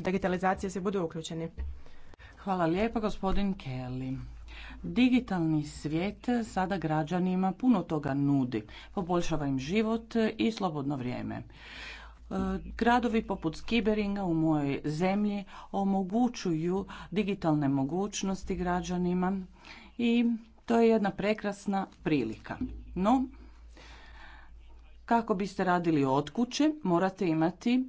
digitalizacije se budu uključeni. Hvala lijepa gospodin Kelly. Digitalni svijet sada građanima puno toga nudi. Poboljšava im život i slobodno vrijeme. E, gradovi poput Skiberinga u mojoj zemlji omogućuju digitalne mogućnosti građanima i to je jedna prekrasna prilika. No, kako biste radili od kuće, morate imati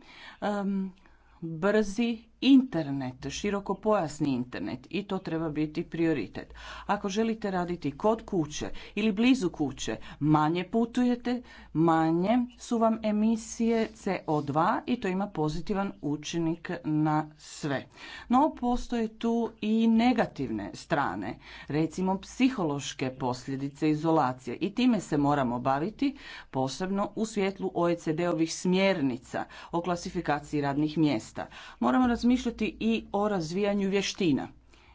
brzi internet, širokopojasni internet i to treba biti prioritet. Ako želite raditi kod kuće ili blizu kuće, manje putujete, manje su vam emisije CO2 i to ima pozitivan učinik na sve. No, postoje tu i negativne strane, recimo psihološke posljedice izolacije i time se moramo baviti, posebno u svjetlu OECD-ovih smjernica o klasifikaciji radnih mjesta. Moramo razmišljati razmišljati i o razvijanju vještina.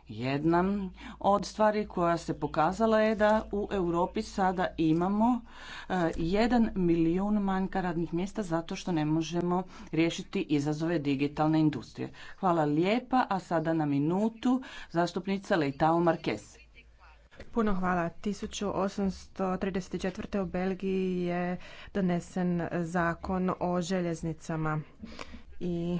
Jedna od stvari koja se pokazala je da u Europi sada imamo e, jedan milijun manjka radnih mjesta zato što ne možemo riješiti izazove digitalne industrije. Hvala lijepa, a sada na minutu zastupnica Leitao Marquez. Puno hvala. 1834. u Belgiji je donesen zakon o željeznicama i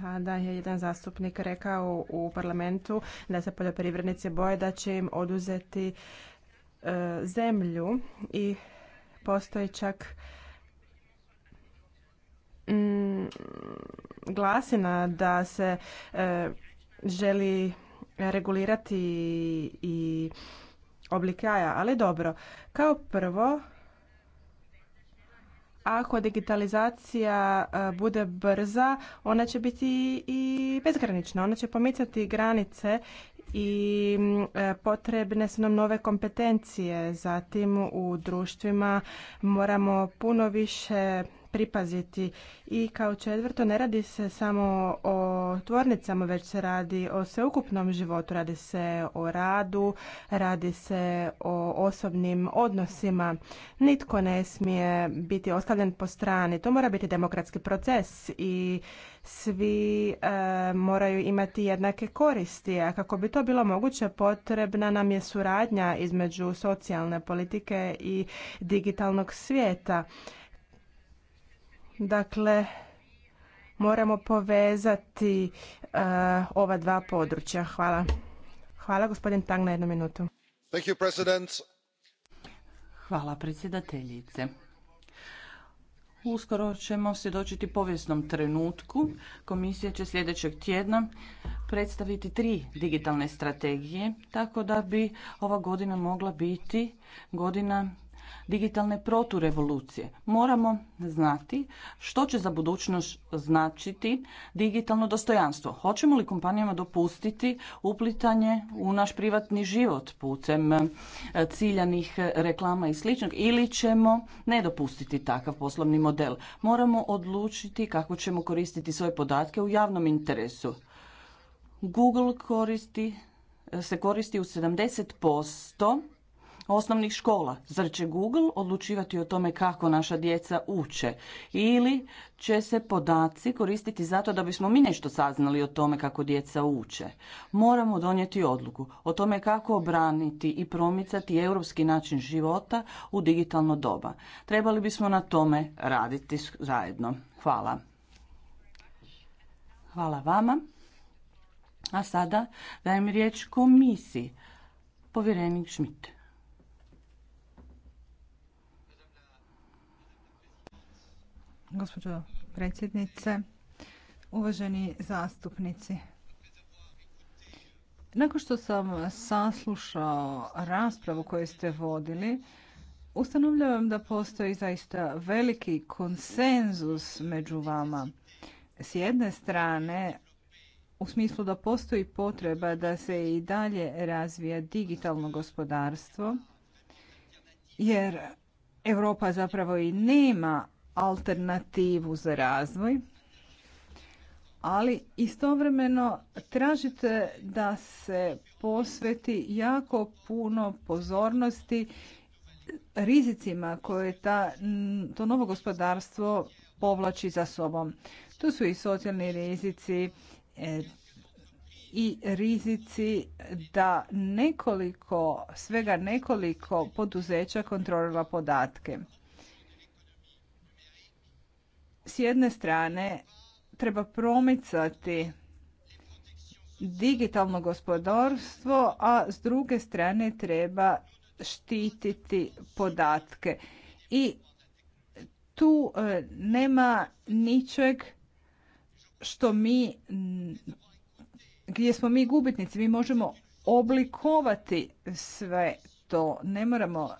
Sada je jedan zastupnik rekao u parlamentu da se poljoprivrednici boje da će im oduzeti e, zemlju i postoji čak mm, glasina da se e, želi regulirati i oblikaja, ali dobro. Kao prvo, ako digitalizacija e, bude brza, ona će biti i bezgranična. Ona će pomicati granice i e, potrebne su nam nove kompetencije. Zatim u društvima moramo puno više pripaziti. I kao četvrto, ne radi se samo o tvornicama, već se radi o sveukupnom životu, radi se o radu, radi se o osobnim odnosima. Nitko ne smije biti ostavljen po strani. To mora biti demokratski proces i svi e, moraju imati jednake koristi, a kako bi to bilo moguće potrebna nam je suradnja između socijalne politike i digitalnog svijeta. Dakle, moramo povezati e, ova dva područja. Hvala. Hvala, gospodin Tang, na jednu minutu. Thank you, Hvala, predsjedateljice. Uskoro ćemo svjedočiti povijesnom trenutku. Komisija će sljedećeg tjedna predstaviti tri digitalne strategije, tako da bi ova godina mogla biti godina digitalne proturevolucije. Moramo znati što će za budućnost značiti digitalno dostojanstvo. Hoćemo li kompanijama dopustiti uplitanje u naš privatni život putem e, ciljanih reklama i sličnog ili ćemo ne dopustiti takav poslovni model. Moramo odlučiti kako ćemo koristiti svoje podatke u javnom interesu. Google koristi e, se koristi u 70% osnovnih škola. Zar će Google odlučivati o tome kako naša djeca uče? Ili će se podaci koristiti zato da bismo mi nešto saznali o tome kako djeca uče? Moramo donijeti odluku o tome kako obraniti i promicati europski način života u digitalno doba. Trebali bismo na tome raditi zajedno. Hvala. Hvala vama. A sada dajem riječ komisiji. Povjerenik Šmite. gospođo predsjednice, uvaženi zastupnici. Nakon što sam saslušao raspravu koju ste vodili, ustanovljavam da postoji zaista veliki konsenzus među vama. S jedne strane, u smislu da postoji potreba da se i dalje razvija digitalno gospodarstvo, jer Europa zapravo i nema alternativu za razvoj, ali istovremeno tražite da se posveti jako puno pozornosti rizicima koje ta, to novo gospodarstvo povlači za sobom. Tu su i socijalni rizici e, i rizici da nekoliko, svega nekoliko poduzeća kontrolira podatke s jedne strane treba promicati digitalno gospodarstvo, a s druge strane treba štititi podatke. I tu e, nema ničeg što mi, gdje smo mi gubitnici, mi možemo oblikovati sve to, ne moramo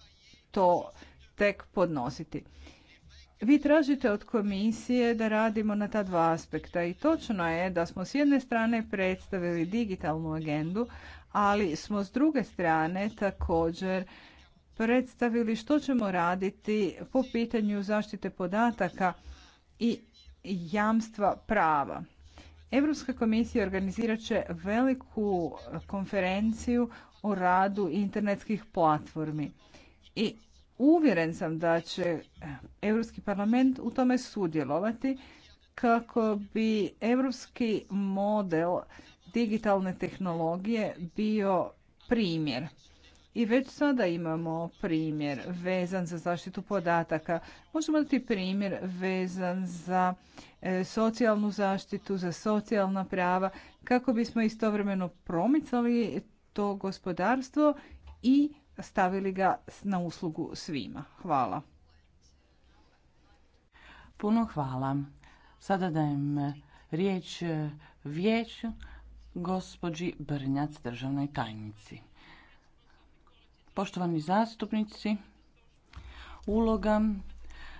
to tek podnositi. Vi tražite od komisije da radimo na ta dva aspekta i točno je da smo s jedne strane predstavili digitalnu agendu, ali smo s druge strane također predstavili što ćemo raditi po pitanju zaštite podataka i jamstva prava. Europska komisija organizirat će veliku konferenciju o radu internetskih platformi. I Uvjeren sam da će eh, Europski parlament u tome sudjelovati kako bi europski model digitalne tehnologije bio primjer. I već sada imamo primjer vezan za zaštitu podataka. Možemo dati primjer vezan za eh, socijalnu zaštitu, za socijalna prava, kako bismo istovremeno promicali to gospodarstvo i stavili ga na uslugu svima. Hvala. Puno hvala. Sada dajem e, riječ e, vijeću gospođi Brnjac, državnoj tajnici. Poštovani zastupnici, uloga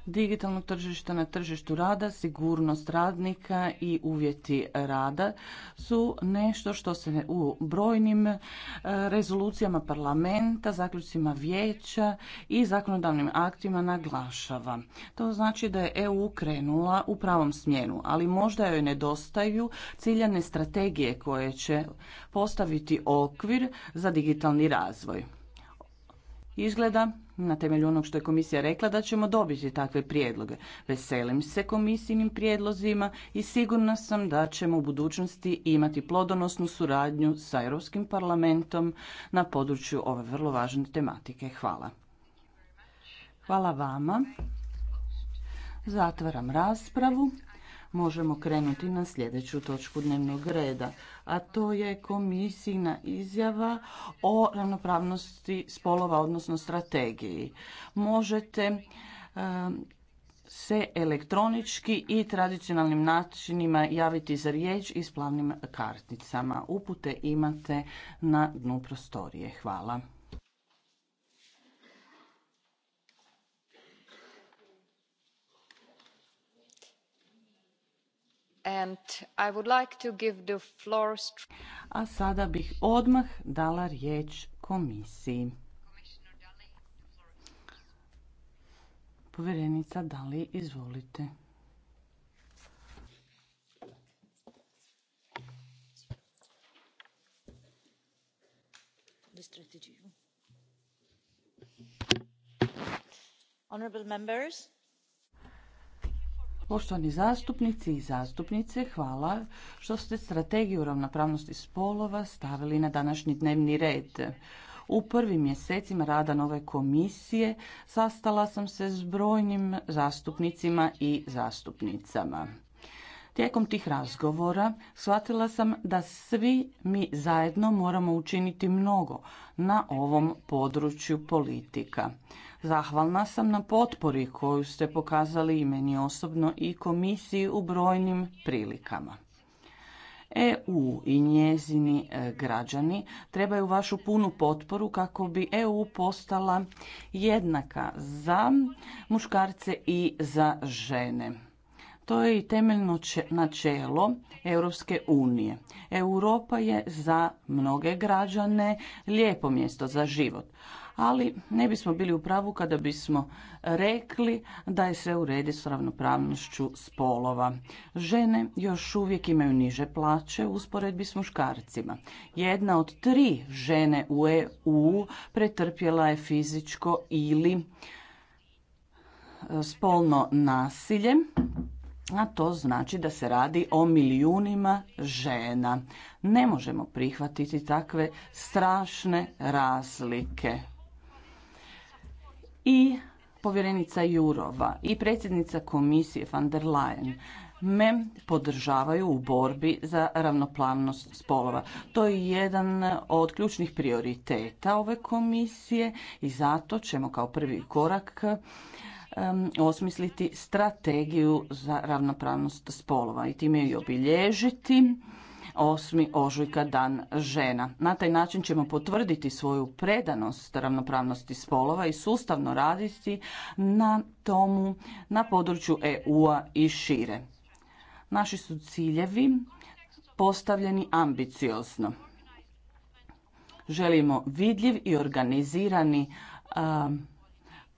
Digitalno tržište na tržištu rada, sigurnost radnika i uvjeti rada su nešto što se u brojnim e, rezolucijama parlamenta, zaključcima vijeća i zakonodavnim aktima naglašava. To znači da je EU krenula u pravom smjenu, ali možda joj nedostaju ciljane strategije koje će postaviti okvir za digitalni razvoj. Izgleda na temelju onog što je komisija rekla da ćemo dobiti takve prijedloge. Veselim se komisijnim prijedlozima i sigurna sam da ćemo u budućnosti imati plodonosnu suradnju sa Europskim parlamentom na području ove vrlo važne tematike. Hvala. Hvala vama. Zatvaram raspravu možemo krenuti na sljedeću točku dnevnog reda, a to je komisijna izjava o ravnopravnosti spolova, odnosno strategiji. Možete eh, se elektronički i tradicionalnim načinima javiti za riječ i s plavnim karticama. Upute imate na dnu prostorije. Hvala. I would like to give the floor... A sada bih odmah dala riječ komisiji. Povjerenica Dali, izvolite. Honorable members, Poštovani zastupnici i zastupnice, hvala što ste strategiju ravnopravnosti spolova stavili na današnji dnevni red. U prvim mjesecima rada nove komisije sastala sam se s brojnim zastupnicima i zastupnicama. Tijekom tih razgovora shvatila sam da svi mi zajedno moramo učiniti mnogo na ovom području politika. Zahvalna sam na potpori koju ste pokazali i meni osobno i komisiji u brojnim prilikama. EU i njezini e, građani trebaju vašu punu potporu kako bi EU postala jednaka za muškarce i za žene. To je i temeljno načelo Europske unije. Europa je za mnoge građane lijepo mjesto za život, ali ne bismo bili u pravu kada bismo rekli da je sve u redi s ravnopravnošću spolova. Žene još uvijek imaju niže plaće u usporedbi s muškarcima. Jedna od tri žene u EU pretrpjela je fizičko ili e, spolno nasilje, a to znači da se radi o milijunima žena. Ne možemo prihvatiti takve strašne razlike i povjerenica Jurova i predsjednica komisije van der Leyen me podržavaju u borbi za ravnopravnost spolova. To je jedan od ključnih prioriteta ove komisije i zato ćemo kao prvi korak osmisliti strategiju za ravnopravnost spolova i time ju obilježiti 8. ožujka dan žena. Na taj način ćemo potvrditi svoju predanost ravnopravnosti spolova i sustavno raditi na tomu na području EU-a i šire. Naši su ciljevi postavljeni ambiciozno. Želimo vidljiv i organizirani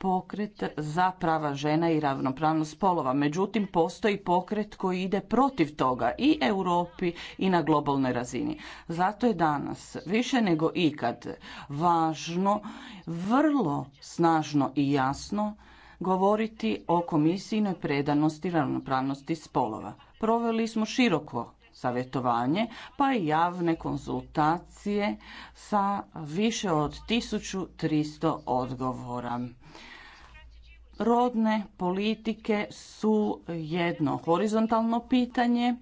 pokret za prava žena i ravnopravnost spolova. Međutim, postoji pokret koji ide protiv toga i Europi i na globalnoj razini. Zato je danas više nego ikad važno, vrlo snažno i jasno govoriti o komisijinoj predanosti ravnopravnosti spolova. Proveli smo široko savjetovanje pa i javne konzultacije sa više od 1300 odgovora. Rodne politike su jedno horizontalno pitanje,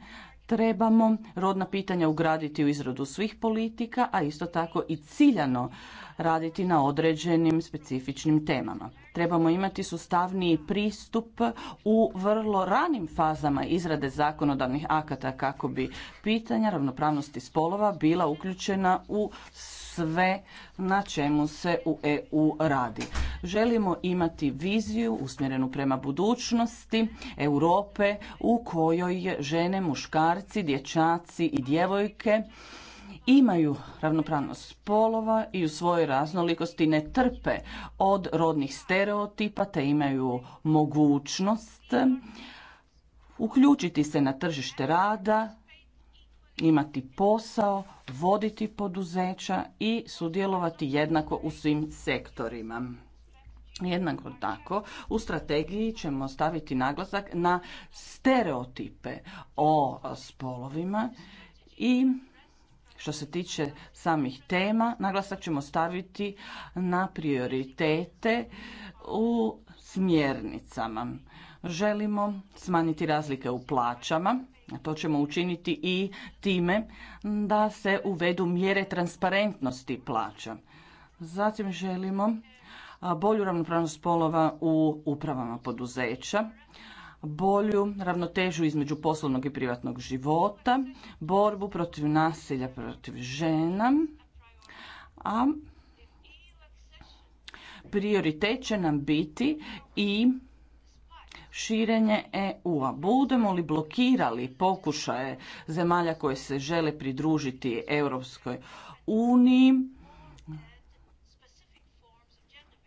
trebamo rodna pitanja ugraditi u izradu svih politika, a isto tako i ciljano raditi na određenim specifičnim temama. Trebamo imati sustavniji pristup u vrlo ranim fazama izrade zakonodavnih akata kako bi pitanja ravnopravnosti spolova bila uključena u sve na čemu se u EU radi. Želimo imati viziju usmjerenu prema budućnosti Europe u kojoj žene, muškarci, dječaci i djevojke imaju ravnopravnost spolova i u svojoj raznolikosti ne trpe od rodnih stereotipa te imaju mogućnost eh, uključiti se na tržište rada, imati posao, voditi poduzeća i sudjelovati jednako u svim sektorima. Jednako tako, u strategiji ćemo staviti naglasak na stereotipe o spolovima i što se tiče samih tema, naglasak ćemo staviti na prioritete u smjernicama. Želimo smanjiti razlike u plaćama, to ćemo učiniti i time da se uvedu mjere transparentnosti plaća. Zatim želimo bolju ravnopravnost spolova u upravama poduzeća bolju ravnotežu između poslovnog i privatnog života, borbu protiv nasilja protiv žena, a prioritet će nam biti i širenje EU-a. Budemo li blokirali pokušaje zemalja koje se žele pridružiti Europskoj uniji,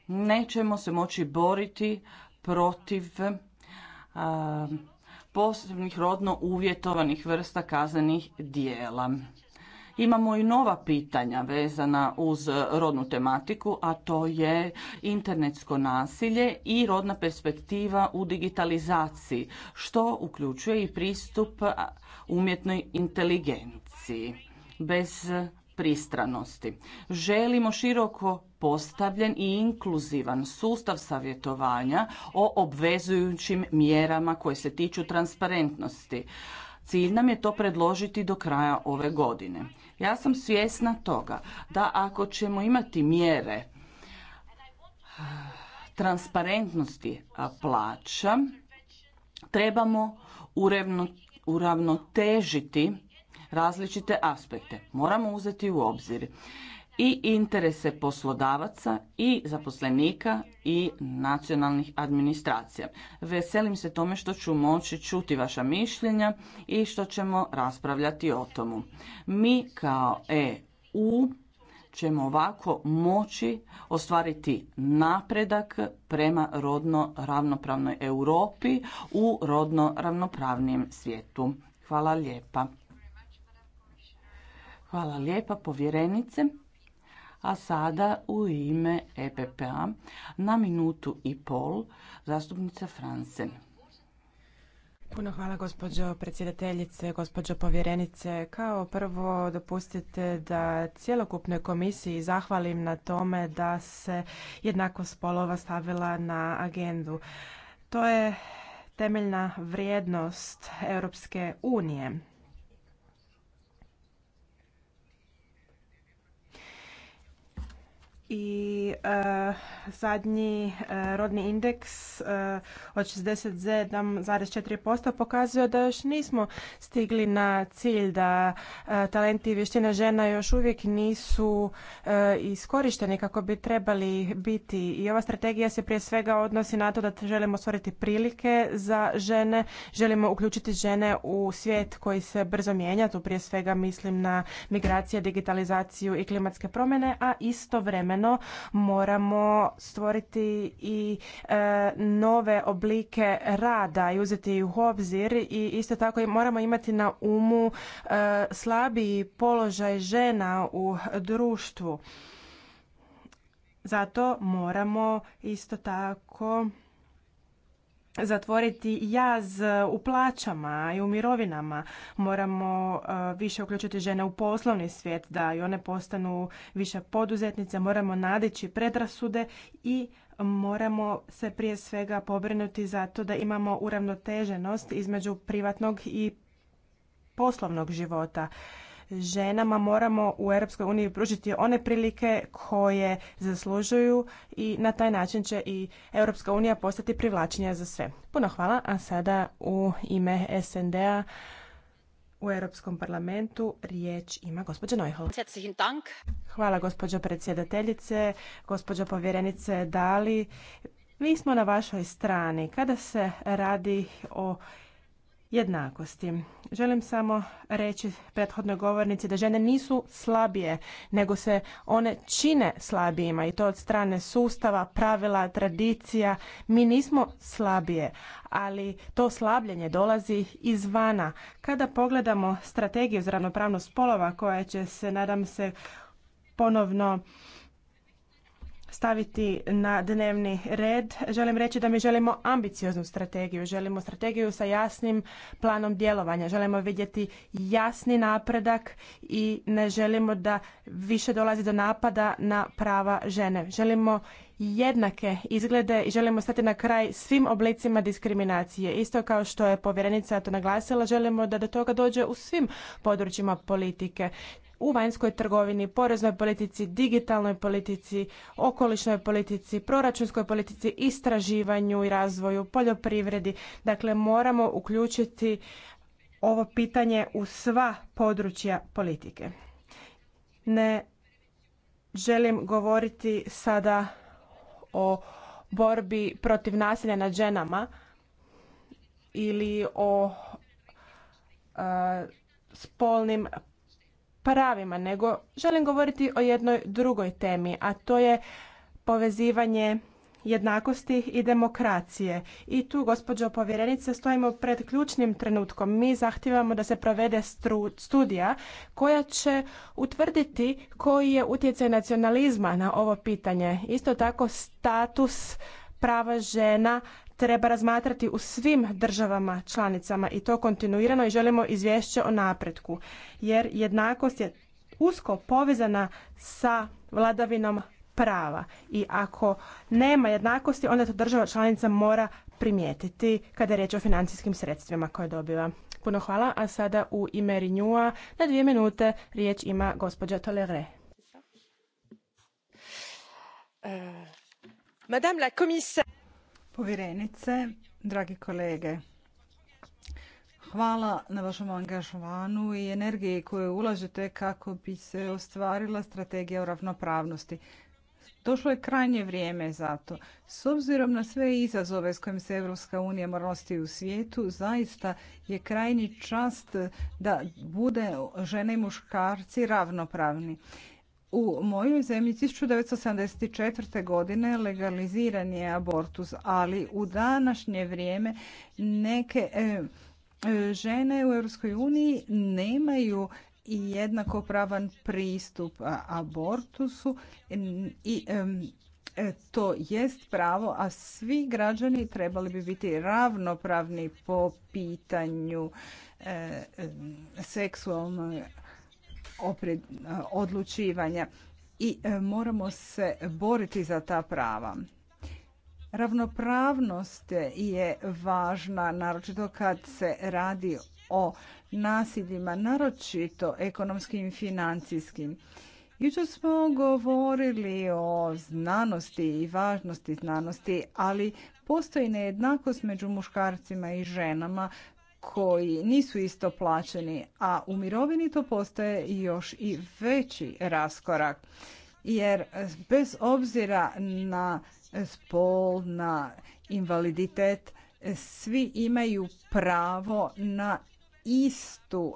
nećemo se moći boriti protiv posebnih rodno uvjetovanih vrsta kaznenih dijela. Imamo i nova pitanja vezana uz rodnu tematiku, a to je internetsko nasilje i rodna perspektiva u digitalizaciji, što uključuje i pristup umjetnoj inteligenciji bez pristranosti. Želimo široko postavljen i inkluzivan sustav savjetovanja o obvezujućim mjerama koje se tiču transparentnosti. Cilj nam je to predložiti do kraja ove godine. Ja sam svjesna toga da ako ćemo imati mjere eh, transparentnosti plaća, trebamo uravnotežiti različite aspekte. Moramo uzeti u obzir i interese poslodavaca i zaposlenika i nacionalnih administracija. Veselim se tome što ću moći čuti vaša mišljenja i što ćemo raspravljati o tomu. Mi kao EU ćemo ovako moći ostvariti napredak prema rodno ravnopravnoj Europi u rodno ravnopravnijem svijetu. Hvala lijepa. Hvala lijepa povjerenice. A sada u ime EPP-a na minutu i pol zastupnica Fransen. Puno hvala gospođo predsjedateljice, gospođo povjerenice. Kao prvo dopustite da cjelokupnoj komisiji zahvalim na tome da se jednakost spolova stavila na agendu. To je temeljna vrijednost Europske unije. i e, zadnji e, rodni indeks e, od 67,4% pokazuje da još nismo stigli na cilj da talenti i vještine žena još uvijek nisu iskorišteni kako bi trebali biti i ova strategija se prije svega odnosi na to da želimo stvoriti prilike za žene, želimo uključiti žene u svijet koji se brzo mijenja, tu prije svega mislim na migracije, digitalizaciju i klimatske promjene, a istovremeno moramo stvoriti i e, nove oblike rada i uzeti ih u obzir i isto tako moramo imati na umu e, slabiji položaj žena u društvu. Zato moramo isto tako zatvoriti jaz u plaćama i u mirovinama. Moramo e, više uključiti žene u poslovni svijet da i one postanu više poduzetnice, moramo nadići predrasude i moramo se prije svega pobrinuti za to da imamo uravnoteženost između privatnog i poslovnog života ženama moramo u Europskoj uniji pružiti one prilike koje zaslužuju i na taj način će i Europska unija postati privlačenja za sve. Puno hvala, a sada u ime SND-a u Europskom parlamentu riječ ima gospođa Neuhol. Hvala gospođo predsjedateljice, gospođo povjerenice Dali. Mi smo na vašoj strani. Kada se radi o jednakosti. Želim samo reći prethodnoj govornici da žene nisu slabije, nego se one čine slabijima i to od strane sustava, pravila, tradicija. Mi nismo slabije, ali to slabljenje dolazi izvana. Kada pogledamo strategiju za ravnopravnost spolova koja će se, nadam se, ponovno staviti na dnevni red. Želim reći da mi želimo ambicioznu strategiju. Želimo strategiju sa jasnim planom djelovanja. Želimo vidjeti jasni napredak i ne želimo da više dolazi do napada na prava žene. Želimo jednake izglede i želimo stati na kraj svim oblicima diskriminacije. Isto kao što je povjerenica to naglasila, želimo da do toga dođe u svim područjima politike u vanjskoj trgovini, poreznoj politici, digitalnoj politici, okolišnoj politici, proračunskoj politici, istraživanju i razvoju, poljoprivredi. Dakle, moramo uključiti ovo pitanje u sva područja politike. Ne želim govoriti sada o borbi protiv nasilja nad ženama ili o spolnim pravima, nego želim govoriti o jednoj drugoj temi, a to je povezivanje jednakosti i demokracije. I tu, gospođo povjerenice, stojimo pred ključnim trenutkom. Mi zahtijevamo da se provede studija koja će utvrditi koji je utjecaj nacionalizma na ovo pitanje. Isto tako status prava žena treba razmatrati u svim državama članicama i to kontinuirano i želimo izvješće o napretku jer jednakost je usko povezana sa vladavinom prava i ako nema jednakosti onda to država članica mora primijetiti kada je riječ o financijskim sredstvima koje dobiva. Puno hvala, a sada u ime Rinjua na dvije minute riječ ima gospođa Tolere. Eh, madame la commissaire, Povjerenice, dragi kolege, hvala na vašem angažovanu i energiji koju ulažete kako bi se ostvarila strategija o ravnopravnosti. Došlo je krajnje vrijeme za to. S obzirom na sve izazove s kojim se Evropska unija mora nositi u svijetu, zaista je krajnji čast da bude žene i muškarci ravnopravni. U mojoj zemlji 1974. godine legaliziran je abortus, ali u današnje vrijeme neke e, e, žene u EU nemaju jednako pravan pristup abortusu i e, to jest pravo, a svi građani trebali bi biti ravnopravni po pitanju seksualnog opred, odlučivanja i e, moramo se boriti za ta prava. Ravnopravnost je važna, naročito kad se radi o nasiljima, naročito ekonomskim i financijskim. Jučer smo govorili o znanosti i važnosti znanosti, ali postoji nejednakost među muškarcima i ženama koji nisu isto plaćeni, a u mirovini to postaje još i veći raskorak. Jer bez obzira na spol, na invaliditet, svi imaju pravo na istu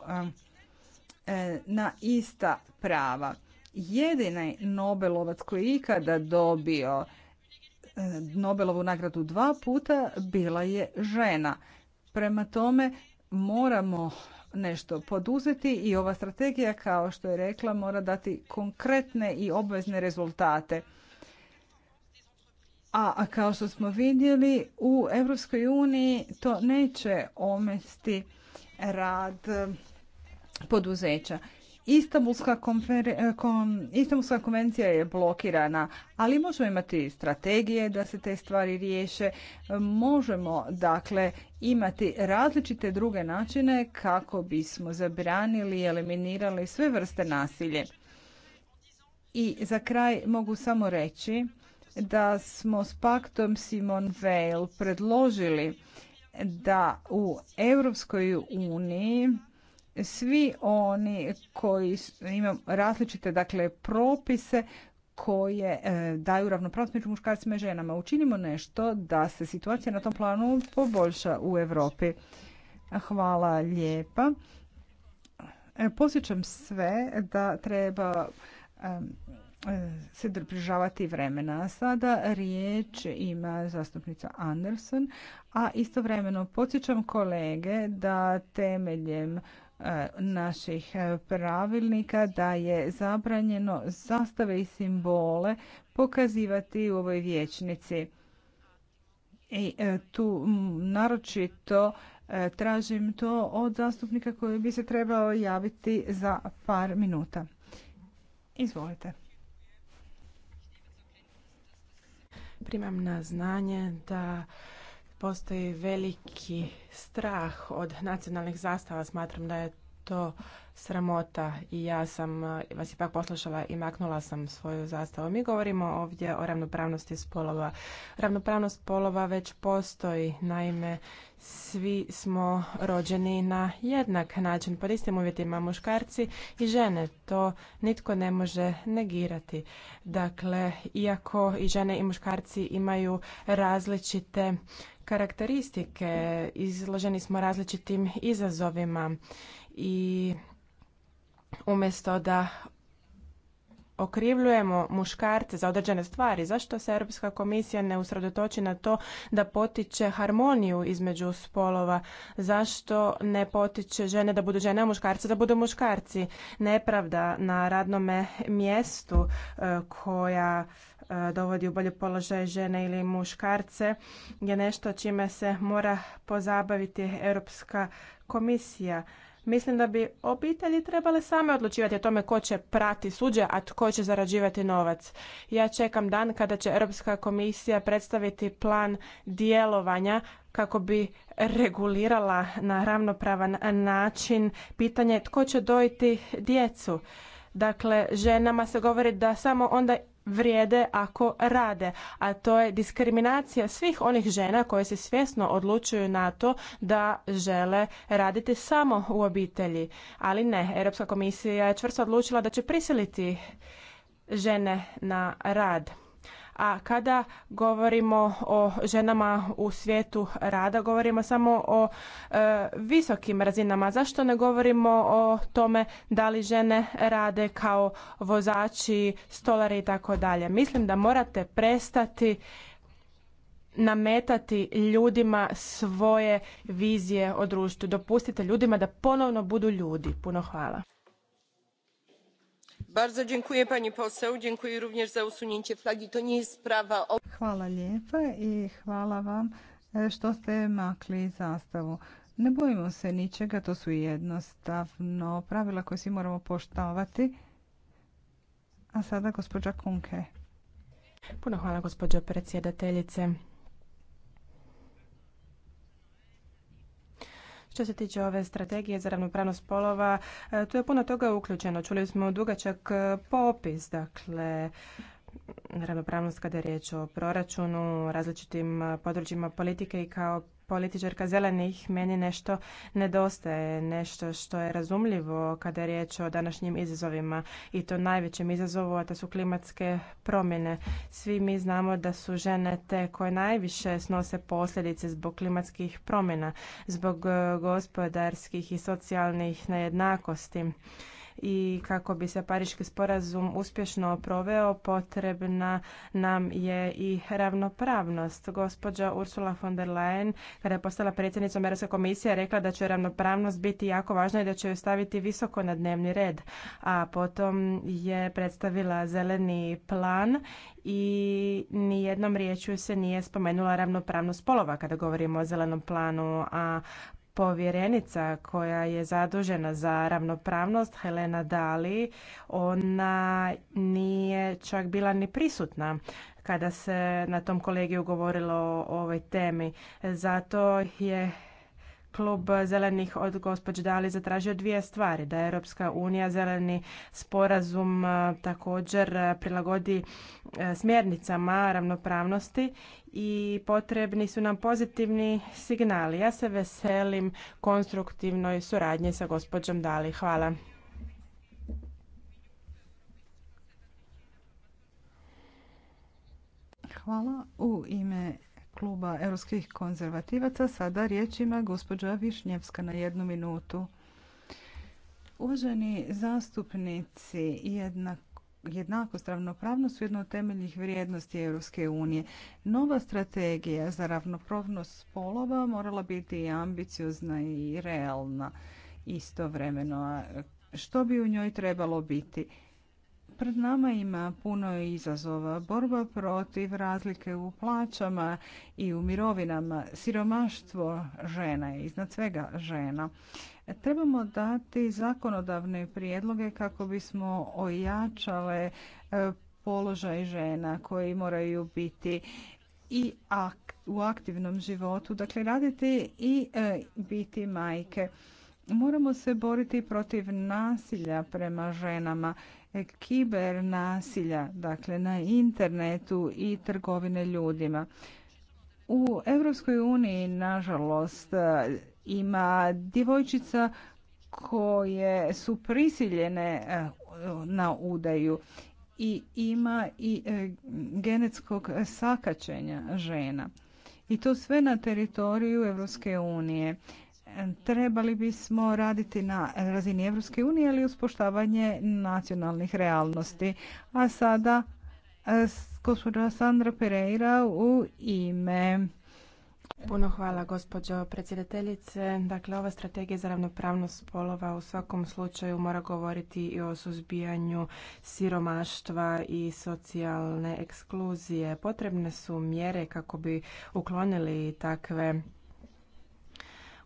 e, na ista prava. Jedini Nobelovac koji je ikada dobio e, Nobelovu nagradu dva puta bila je žena. Prema tome moramo nešto poduzeti i ova strategija, kao što je rekla, mora dati konkretne i obvezne rezultate. A kao što smo vidjeli, u Europskoj uniji to neće omesti rad poduzeća. Istanbulska, eh, Istanbulska konvencija je blokirana, ali možemo imati strategije da se te stvari riješe. Možemo dakle imati različite druge načine kako bismo zabranili i eliminirali sve vrste nasilje. I za kraj mogu samo reći da smo s paktom Simon Veil predložili da u Europskoj uniji svi oni koji imaju različite dakle propise koje e, daju ravnopravnost među muškarcima i ženama. Učinimo nešto da se situacija na tom planu poboljša u Europi. Hvala lijepa. E, posjećam sve da treba e, se približavati vremena. Sada riječ ima zastupnica Anderson, a istovremeno podsjećam kolege da temeljem E, naših e, pravilnika da je zabranjeno zastave i simbole pokazivati u ovoj vječnici. I e, tu naročito tražim to od zastupnika koji bi se trebao javiti za par minuta. Izvolite. Primam na znanje da postoji veliki strah od nacionalnih zastava. Smatram da je to sramota i ja sam e, vas ipak poslušala i maknula sam svoju zastavu. Mi govorimo ovdje o ravnopravnosti spolova. Ravnopravnost spolova već postoji, naime svi smo rođeni na jednak način, pod istim uvjetima muškarci i žene. To nitko ne može negirati. Dakle, iako i žene i muškarci imaju različite karakteristike, izloženi smo različitim izazovima i umjesto da okrivljujemo muškarce za određene stvari, zašto se Europska komisija ne usredotoči na to da potiče harmoniju između spolova, zašto ne potiče žene da budu žene, a muškarce da budu muškarci. Nepravda na radnome mjestu e, koja e, dovodi u bolje položaje žene ili muškarce je nešto čime se mora pozabaviti Europska komisija Mislim da bi obitelji trebale same odlučivati o tome ko će prati suđe, a tko će zarađivati novac. Ja čekam dan kada će Europska komisija predstaviti plan djelovanja kako bi regulirala na ravnopravan način pitanje tko će dojiti djecu. Dakle, ženama se govori da samo onda vrijede ako rade, a to je diskriminacija svih onih žena koje se svjesno odlučuju na to da žele raditi samo u obitelji. Ali ne, Europska komisija je čvrsto odlučila da će prisiliti žene na rad. A kada govorimo o ženama u svijetu rada, govorimo samo o e, visokim razinama. Zašto ne govorimo o tome da li žene rade kao vozači, stolari i tako dalje? Mislim da morate prestati nametati ljudima svoje vizije o društvu. Dopustite ljudima da ponovno budu ljudi. Puno hvala. Bardzo dziękuję pani poseł, dziękuję również za usunięcie flagi. To nie jest Hvala lijepa i hvala vam e, što ste makli zastavu. Ne bojimo se ničega, to su jednostavno pravila koje svi moramo poštovati. A sada gospođa Kunke. Puno hvala gospođo predsjedateljice. Što se tiče ove strategije za ravnopravnost polova, e, tu je puno toga uključeno. Čuli smo dugačak popis, dakle, ravnopravnost kada je riječ o proračunu, različitim područjima politike i kao političarka zelenih meni nešto nedostaje, nešto što je razumljivo kada je riječ o današnjim izazovima i to najvećem izazovu, a to su klimatske promjene. Svi mi znamo da su žene te koje najviše snose posljedice zbog klimatskih promjena, zbog e, gospodarskih i socijalnih nejednakosti i kako bi se Pariški sporazum uspješno proveo potrebna nam je i ravnopravnost. Gospođa Ursula von der Leyen kada je postala predsjednicom Europske komisije rekla da će ravnopravnost biti jako važna i da će ju staviti visoko na dnevni red. A potom je predstavila zeleni plan i nijednom riječju se nije spomenula ravnopravnost polova kada govorimo o zelenom planu, a povjerenica koja je zadužena za ravnopravnost Helena Dali, ona nije čak bila ni prisutna kada se na tom kolegiju govorilo o ovoj temi. Zato je klub zelenih od gospođe Dali zatražio dvije stvari. Da je Europska unija zeleni sporazum e, također e, prilagodi e, smjernicama ravnopravnosti i potrebni su nam pozitivni signali. Ja se veselim konstruktivnoj suradnji sa gospođom Dali. Hvala. Hvala. U ime kluba europskih konzervativaca. Sada riječ ima gospođa Višnjevska na jednu minutu. Uvaženi zastupnici, jednakost, ravnopravnost su jedno od temeljnih vrijednosti Europske unije. Nova strategija za ravnopravnost spolova morala biti i ambiciozna i realna istovremeno. Što bi u njoj trebalo biti? Pred nama ima puno izazova. Borba protiv razlike u plaćama i u mirovinama, siromaštvo žena je iznad svega žena. Trebamo dati zakonodavne prijedloge kako bismo ojačale e, položaj žena koji moraju biti i u aktivnom životu, dakle raditi i e, biti majke. Moramo se boriti protiv nasilja prema ženama E, kiber nasilja, dakle na internetu i trgovine ljudima. U Europskoj uniji, nažalost, ima djevojčica koje su prisiljene e, na udaju i ima i e, genetskog sakaćenja žena. I to sve na teritoriju Europske unije trebali bismo raditi na razini Europske unije ili uspoštavanje nacionalnih realnosti. A sada gospođa Sandra Pereira u ime Puno hvala gospođo predsjedateljice. Dakle, ova strategija za ravnopravnost spolova u svakom slučaju mora govoriti i o suzbijanju siromaštva i socijalne ekskluzije. Potrebne su mjere kako bi uklonili takve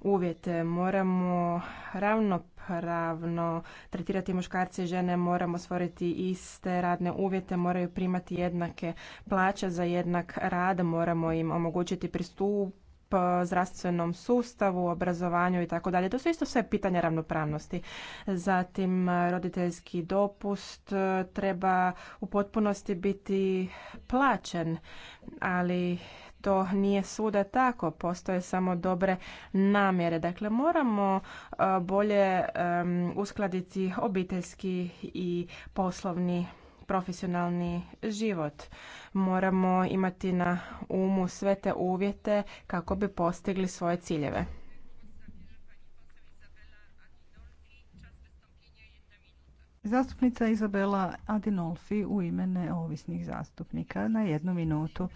uvjete, moramo ravnopravno tretirati muškarce i žene, moramo stvoriti iste radne uvjete, moraju primati jednake plaće za jednak rad, moramo im omogućiti pristup eh, zdravstvenom sustavu, obrazovanju i tako dalje. To su isto sve pitanja ravnopravnosti. Zatim eh, roditeljski dopust eh, treba u potpunosti biti plaćen, ali to nije svuda tako, postoje samo dobre namjere. Dakle, moramo e, bolje uskladiti obiteljski i poslovni profesionalni život. Moramo imati na umu sve te uvjete kako bi postigli svoje ciljeve. Zastupnica Izabela Adinolfi u ime neovisnih zastupnika na jednu minutu.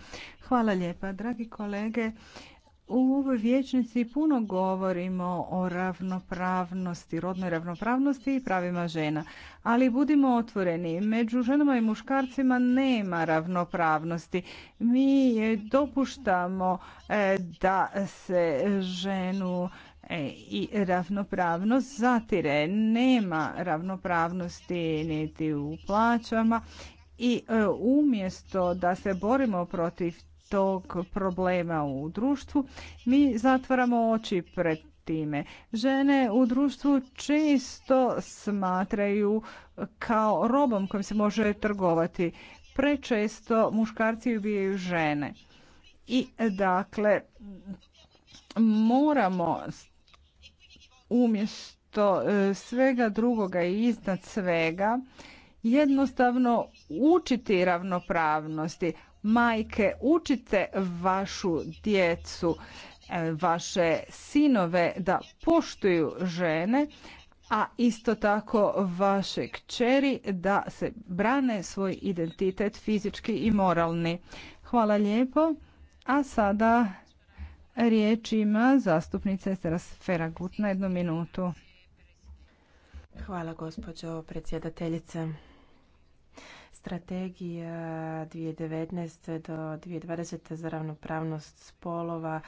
Hvala lijepa, dragi kolege. U ovoj vječnici puno govorimo o ravnopravnosti, rodnoj ravnopravnosti i pravima žena. Ali budimo otvoreni, među ženama i muškarcima nema ravnopravnosti. Mi dopuštamo e, da se ženu E, i ravnopravnost zatire. Nema ravnopravnosti niti u plaćama i e, umjesto da se borimo protiv tog problema u društvu, mi zatvaramo oči pred time. Žene u društvu često smatraju kao robom kojim se može trgovati. Prečesto muškarci ubijaju žene. I dakle, moramo umjesto e, svega drugoga i iznad svega jednostavno učiti ravnopravnosti. Majke, učite vašu djecu, e, vaše sinove da poštuju žene, a isto tako vaše kćeri da se brane svoj identitet fizički i moralni. Hvala lijepo. A sada Riječ ima zastupnica Estera Sferagut na jednu minutu. Hvala gospođo predsjedateljice. Strategija 2019. do 2020. za ravnopravnost spolova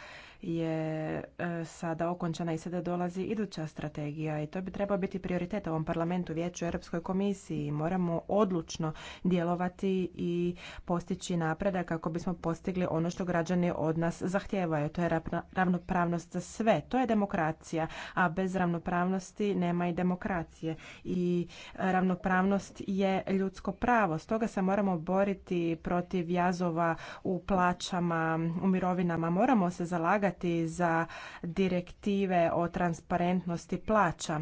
je e, sada okončana i sada dolazi iduća strategija i to bi trebao biti prioritet ovom parlamentu, vijeću, Europskoj komisiji. Moramo odlučno djelovati i postići napredak kako bismo postigli ono što građani od nas zahtijevaju. To je ravnopravnost za sve. To je demokracija, a bez ravnopravnosti nema i demokracije. I ravnopravnost je ljudsko pravo. Stoga se moramo boriti protiv jazova u plaćama, u mirovinama. Moramo se zalagati aplicirati za direktive o transparentnosti plaća.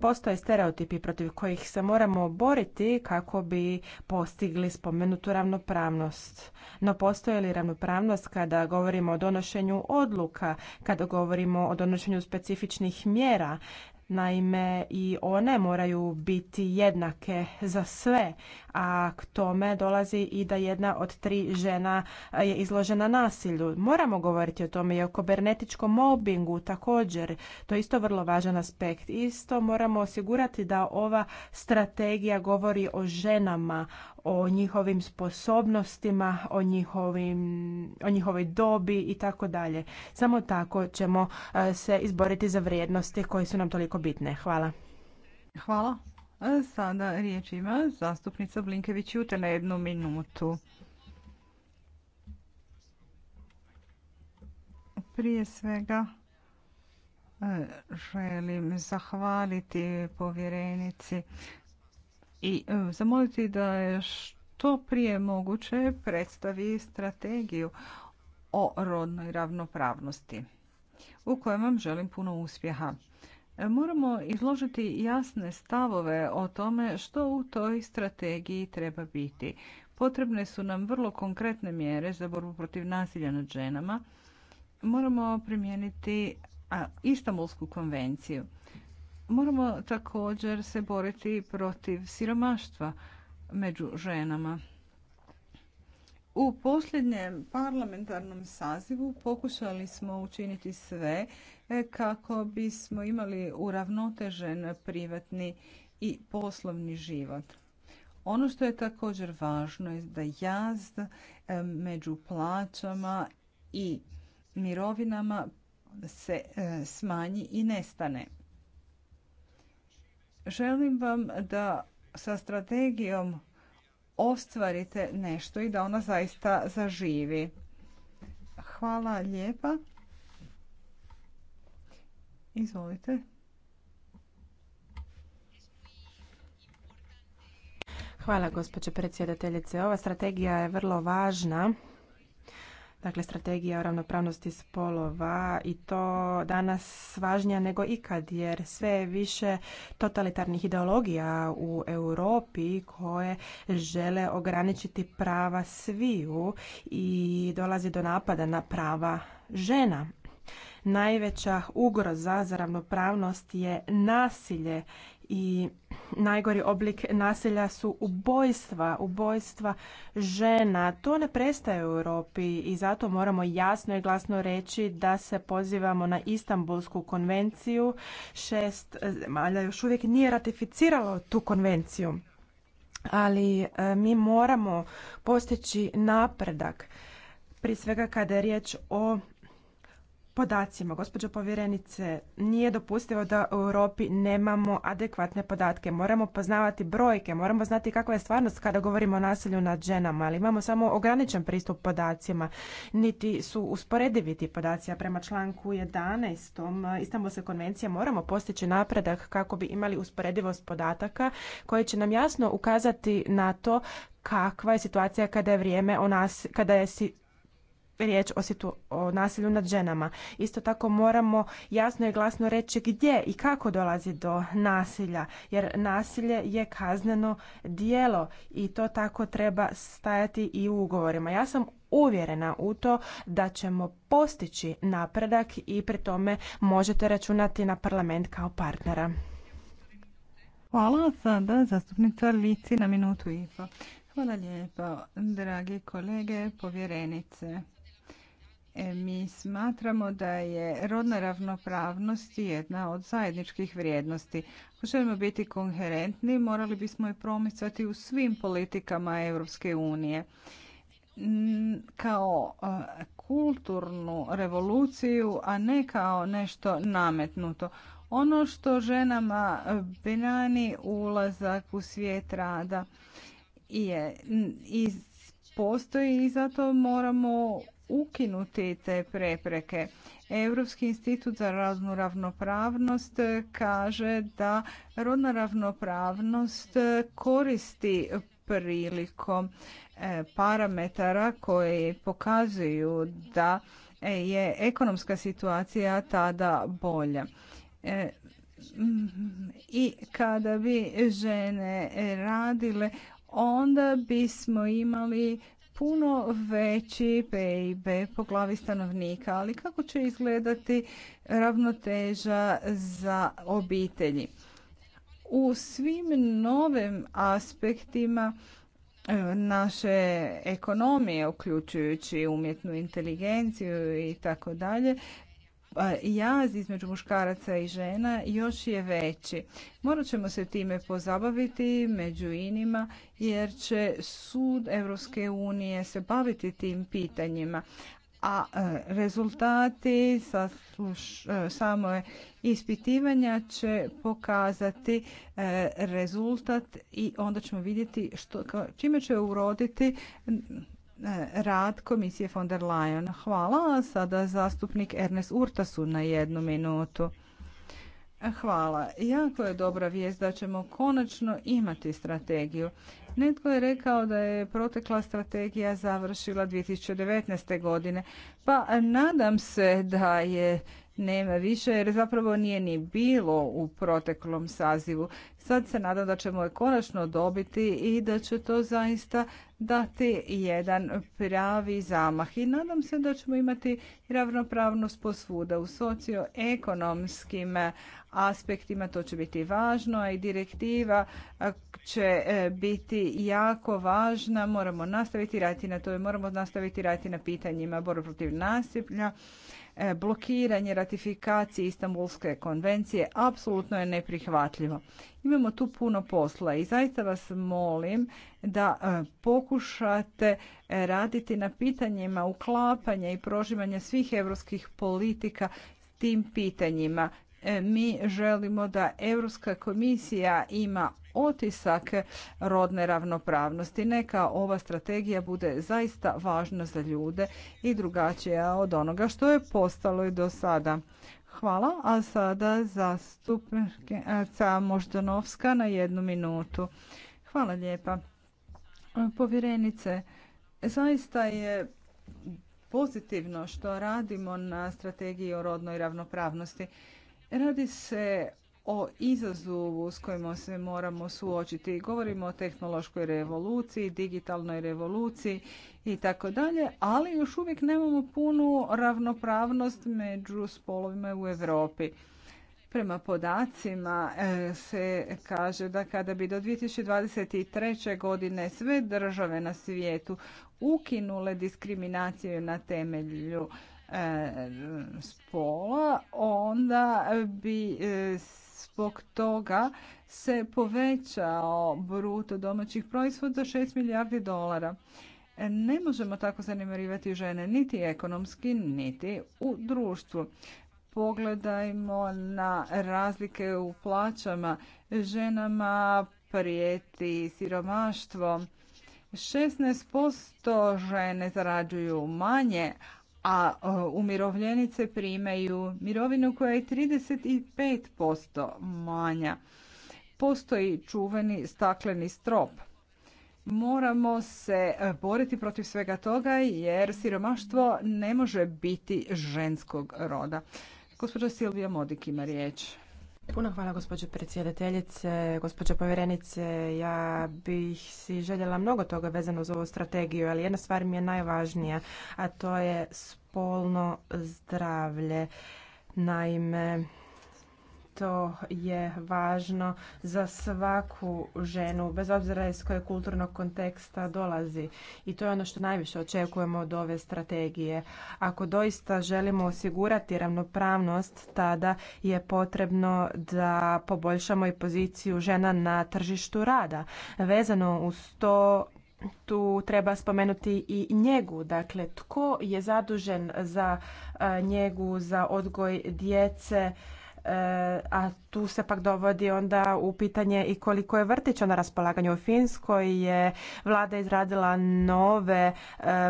Postoje stereotipi protiv kojih se moramo boriti kako bi postigli spomenutu ravnopravnost. No postoji li ravnopravnost kada govorimo o donošenju odluka, kada govorimo o donošenju specifičnih mjera, Naime, i one moraju biti jednake za sve, a k tome dolazi i da jedna od tri žena e, je izložena nasilju. Moramo govoriti o tome i o kobernetičkom mobbingu također. To je isto vrlo važan aspekt. Isto moramo osigurati da ova strategija govori o ženama, o njihovim sposobnostima, o, njihovim, o njihovoj dobi i tako dalje. Samo tako ćemo e, se izboriti za vrijednosti koje su nam toliko bitne. Hvala. Hvala. Sada riječ ima zastupnica Blinkević Jute na jednu minutu. Prije svega e, želim zahvaliti povjerenici i e, zamoliti da je što prije moguće predstavi strategiju o rodnoj ravnopravnosti u kojem vam želim puno uspjeha. E, moramo izložiti jasne stavove o tome što u toj strategiji treba biti. Potrebne su nam vrlo konkretne mjere za borbu protiv nasilja nad ženama. Moramo primijeniti Istanbulsku konvenciju. Moramo također se boriti protiv siromaštva među ženama. U posljednjem parlamentarnom sazivu pokušali smo učiniti sve e, kako bismo imali uravnotežen privatni i poslovni život. Ono što je također važno je da jaz e, među plaćama i mirovinama se e, smanji i nestane. Želim vam da sa strategijom ostvarite nešto i da ona zaista zaživi. Hvala lijepa. Izvolite. Hvala gospođo predsjedateljice. Ova strategija je vrlo važna dakle strategija o ravnopravnosti spolova i to danas važnija nego ikad jer sve je više totalitarnih ideologija u Europi koje žele ograničiti prava sviju i dolazi do napada na prava žena. Najveća ugroza za ravnopravnost je nasilje i najgori oblik nasilja su ubojstva, ubojstva žena. To ne prestaje u Europi i zato moramo jasno i glasno reći da se pozivamo na Istanbulsku konvenciju. Šest zemalja još uvijek nije ratificiralo tu konvenciju. Ali e, mi moramo postići napredak prije svega kada je riječ o podacima. Gospođo povjerenice, nije dopustivo da u Europi nemamo adekvatne podatke. Moramo poznavati brojke, moramo znati kakva je stvarnost kada govorimo o nasilju nad ženama, ali imamo samo ograničen pristup podacima. Niti su usporedivi ti podaci, prema članku 11. Istanbulske konvencije moramo postići napredak kako bi imali usporedivost podataka koji će nam jasno ukazati na to kakva je situacija kada je vrijeme o nas, kada je si, riječ o, nasilju nad ženama. Isto tako moramo jasno i glasno reći gdje i kako dolazi do nasilja, jer nasilje je kazneno dijelo i to tako treba stajati i u ugovorima. Ja sam uvjerena u to da ćemo postići napredak i pri tome možete računati na parlament kao partnera. Hvala sada zastupnica Lici na minutu i Hvala lijepo, dragi kolege, povjerenice. E, mi smatramo da je rodna ravnopravnost jedna od zajedničkih vrijednosti. Ako želimo biti konherentni, morali bismo je promicati u svim politikama Europske unije. Kao kulturnu revoluciju, a ne kao nešto nametnuto. Ono što ženama brani ulazak u svijet rada je, i postoji i zato moramo ukinuti te prepreke. Europski institut za rodnu ravnopravnost kaže da rodna ravnopravnost koristi prilikom e, parametara koji pokazuju da je ekonomska situacija tada bolja. E, I kada bi žene radile, onda bismo imali puno veći PIB po glavi stanovnika, ali kako će izgledati ravnoteža za obitelji? U svim novim aspektima e, naše ekonomije, uključujući umjetnu inteligenciju i tako dalje, jaz između muškaraca i žena još je veći. Morat ćemo se time pozabaviti među inima jer će sud Europske unije se baviti tim pitanjima. A e, rezultati sa e, samo ispitivanja će pokazati e, rezultat i onda ćemo vidjeti što, čime će uroditi E, rad komisije von der Leyen. Hvala. Sada zastupnik Ernest Urtasu na jednu minutu. E, hvala. Jako je dobra vijest da ćemo konačno imati strategiju. Netko je rekao da je protekla strategija završila 2019. godine, pa nadam se da je nema više jer zapravo nije ni bilo u proteklom sazivu. Sad se nadam da ćemo je konačno dobiti i da će to zaista dati jedan pravi zamah i nadam se da ćemo imati ravnopravnost posvuda u socioekonomskim eh, aspektima to će biti važno a i direktiva eh, će eh, biti jako važna moramo nastaviti raditi na i moramo nastaviti raditi na pitanjima borbe protiv nasilja E, blokiranje ratifikacije Istanbulske konvencije apsolutno je neprihvatljivo. Imamo tu puno posla i zaista vas molim da e, pokušate raditi na pitanjima uklapanja i proživanja svih europskih politika s tim pitanjima. E, mi želimo da Europska komisija ima otisak rodne ravnopravnosti. Neka ova strategija bude zaista važna za ljude i drugačija od onoga što je postalo i do sada. Hvala, a sada zastupnica Moždanovska na jednu minutu. Hvala lijepa. Povjerenice, zaista je pozitivno što radimo na strategiji o rodnoj ravnopravnosti. Radi se o izazovu s kojima se moramo suočiti. Govorimo o tehnološkoj revoluciji, digitalnoj revoluciji i tako dalje, ali još uvijek nemamo punu ravnopravnost među spolovima u Europi. Prema podacima e, se kaže da kada bi do 2023. godine sve države na svijetu ukinule diskriminaciju na temelju e, spola, onda bi e, zbog toga se povećao bruto domaćih proizvod za 6 milijardi dolara. Ne možemo tako zanemarivati žene niti ekonomski, niti u društvu. Pogledajmo na razlike u plaćama. Ženama prijeti siromaštvo. 16% žene zarađuju manje, a e, umirovljenice primaju mirovinu koja je 35% manja. Postoji čuveni stakleni strop. Moramo se e, boriti protiv svega toga jer siromaštvo ne može biti ženskog roda. Gospođa Silvija Modik ima riječ. Puno hvala gospođo predsjedateljice, gospođo povjerenice. Ja bih si željela mnogo toga vezano uz ovu strategiju, ali jedna stvar mi je najvažnija, a to je spolno zdravlje. Naime, to je važno za svaku ženu, bez obzira iz kojeg kulturnog konteksta dolazi. I to je ono što najviše očekujemo od ove strategije. Ako doista želimo osigurati ravnopravnost, tada je potrebno da poboljšamo i poziciju žena na tržištu rada. Vezano uz to tu treba spomenuti i njegu. Dakle, tko je zadužen za njegu, za odgoj djece, E, a tu se pak dovodi onda u pitanje i koliko je vrtića na raspolaganju u Finskoj je vlada izradila nove e,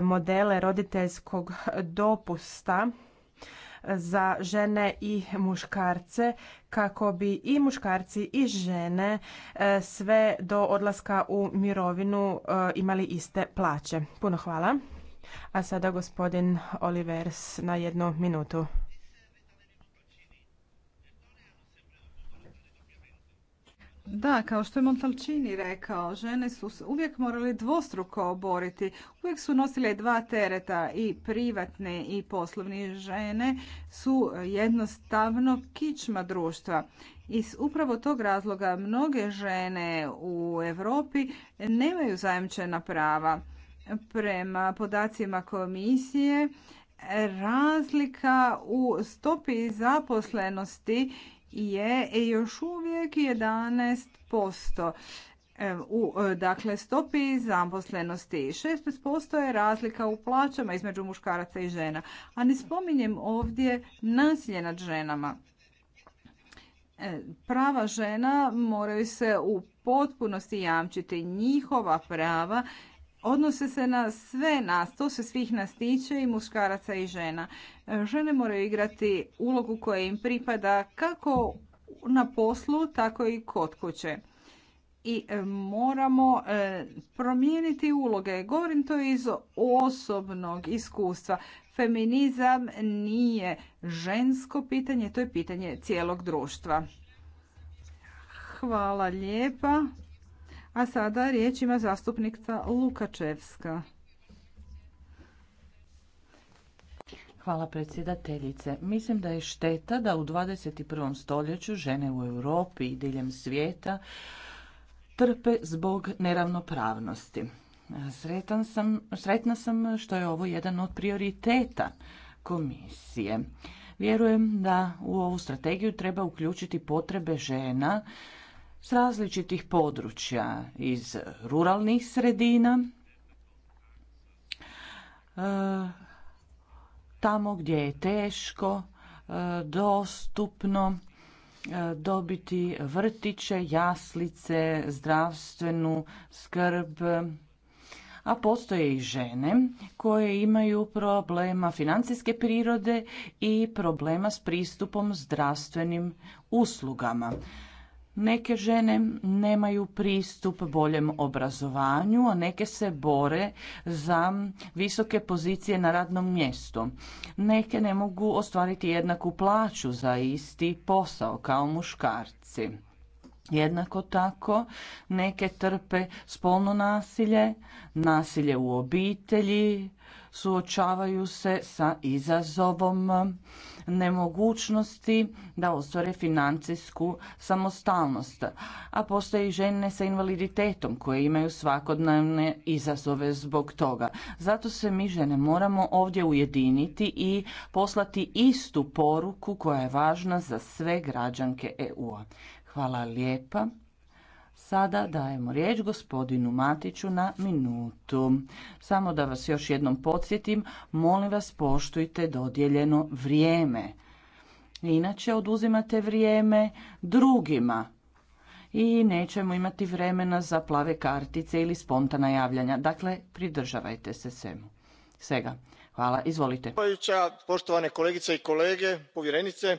modele roditeljskog dopusta za žene i muškarce kako bi i muškarci i žene e, sve do odlaska u mirovinu imali iste plaće. Puno hvala. A sada gospodin Olivers na jednu minutu. Da, kao što je Montalcini rekao, žene su uvijek morali dvostruko boriti. Uvijek su nosile dva tereta, i privatne i poslovne žene su jednostavno kičma društva. Iz upravo tog razloga mnoge žene u Europi nemaju zajamčena prava. Prema podacima komisije, razlika u stopi zaposlenosti je još uvijek 11% e, u e, dakle stopi zaposlenosti. 16% je razlika u plaćama između muškaraca i žena. A ne spominjem ovdje nasilje nad ženama. E, prava žena moraju se u potpunosti jamčiti njihova prava odnose se na sve nas, to se svih nas tiče i muškaraca i žena. E, žene moraju igrati ulogu koja im pripada kako na poslu, tako i kod kuće. I e, moramo e, promijeniti uloge. Govorim to iz osobnog iskustva. Feminizam nije žensko pitanje, to je pitanje cijelog društva. Hvala lijepa. A sada riječ ima zastupnica Lukačevska. Hvala predsjedateljice. Mislim da je šteta da u 21. stoljeću žene u Europi i diljem svijeta trpe zbog neravnopravnosti. sretna sam što je ovo jedan od prioriteta komisije. Vjerujem da u ovu strategiju treba uključiti potrebe žena s različitih područja, iz ruralnih sredina, e, tamo gdje je teško, e, dostupno e, dobiti vrtiće, jaslice, zdravstvenu skrb, a postoje i žene koje imaju problema financijske prirode i problema s pristupom zdravstvenim uslugama. Neke žene nemaju pristup boljem obrazovanju, a neke se bore za visoke pozicije na radnom mjestu. Neke ne mogu ostvariti jednaku plaću za isti posao kao muškarci. Jednako tako neke trpe spolno nasilje, nasilje u obitelji, suočavaju se sa izazovom nemogućnosti da ostvare financijsku samostalnost. A postoje i žene sa invaliditetom koje imaju svakodnevne izazove zbog toga. Zato se mi žene moramo ovdje ujediniti i poslati istu poruku koja je važna za sve građanke EU-a. Hvala lijepa. Sada dajemo riječ gospodinu Matiću na minutu. Samo da vas još jednom podsjetim, molim vas poštujte dodijeljeno vrijeme. Inače oduzimate vrijeme drugima i nećemo imati vremena za plave kartice ili spontana javljanja. Dakle, pridržavajte se svemu. Svega. Hvala, izvolite. Poštovane kolegice i kolege, povjerenice,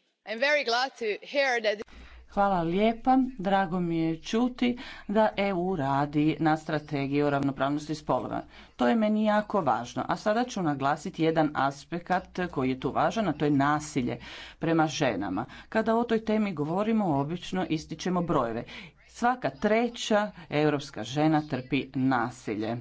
I'm very glad Hvala lijepa. Drago mi je čuti da EU radi na strategiji o ravnopravnosti spolova. To je meni jako važno. A sada ću naglasiti jedan aspekt koji je tu važan, a to je nasilje prema ženama. Kada o toj temi govorimo, obično ističemo brojeve. Svaka treća europska žena trpi nasilje.